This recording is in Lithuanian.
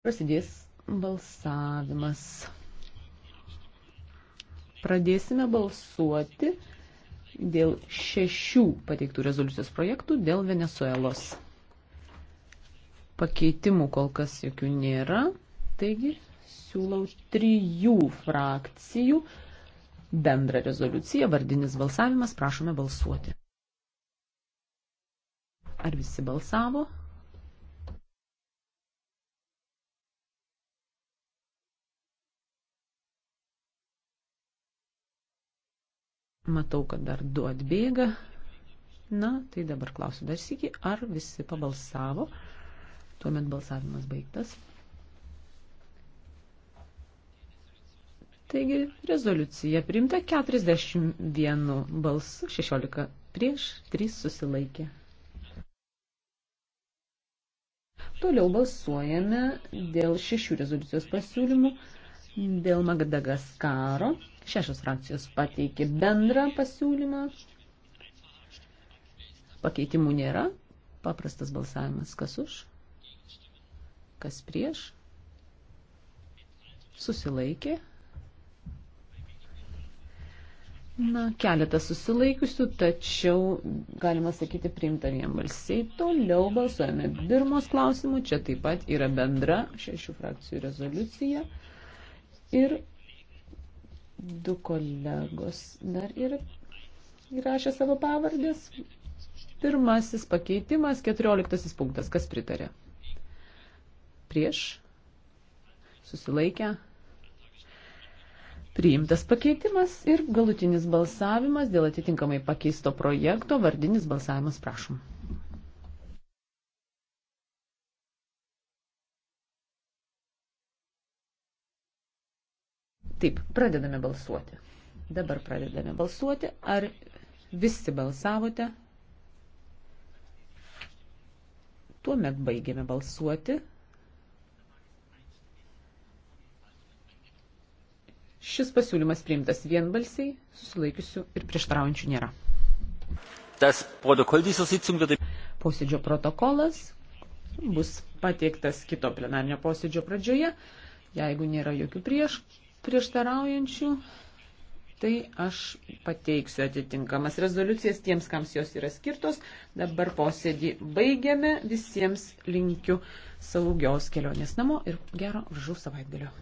Prasidės balsavimas. Pradėsime balsuoti dėl šešių pateiktų rezoliucijos projektų dėl Venezuelos. Pakeitimų kol kas jokių nėra, taigi siūlau trijų frakcijų bendrą rezoliuciją, vardinis balsavimas, prašome balsuoti. Ar visi balsavo? Matau, kad dar du atbėga. Na, tai dabar klausiu dar sėki, ar visi pabalsavo. Tuomet balsavimas baigtas. Taigi rezoliucija priimta 41 balsu, 16 prieš, 3 susilaikė. Toliau balsuojame dėl šešių rezoliucijos pasiūlymų. Dėl Magdagaskaro šešios frakcijos pateikė bendrą pasiūlymą. Pakeitimų nėra. Paprastas balsavimas. Kas už? Kas prieš? Susilaikė. Na, keletas susilaikiusių, tačiau galima sakyti priimta vienbalsiai. Toliau balsuojame Birmos klausimų. Čia taip pat yra bendra šešių frakcijų rezoliucija ir du kolegos dar ir įrašė savo pavardės. Pirmasis pakeitimas, keturioliktasis punktas. Kas pritarė? Prieš? Susilaikę? Priimtas pakeitimas ir galutinis balsavimas dėl atitinkamai pakeisto projekto. Vardinis balsavimas, prašom. Taip, pradedame balsuoti. Dabar pradedame balsuoti. Ar visi balsavote? Tuomet baigėme balsuoti. Šis pasiūlymas priimtas vienbalsiai, susilaikiusių ir prieštaraujančių nėra. Posėdžio protokolas bus pateiktas kito plenarnio posėdžio pradžioje, jeigu nėra jokių prieš prieštaraujančių, tai aš pateiksiu atitinkamas rezoliucijas tiems, kams jos yra skirtos. Dabar posėdį baigiame. Visiems linkiu saugios kelionės namo ir gero žuvų savaitgalio.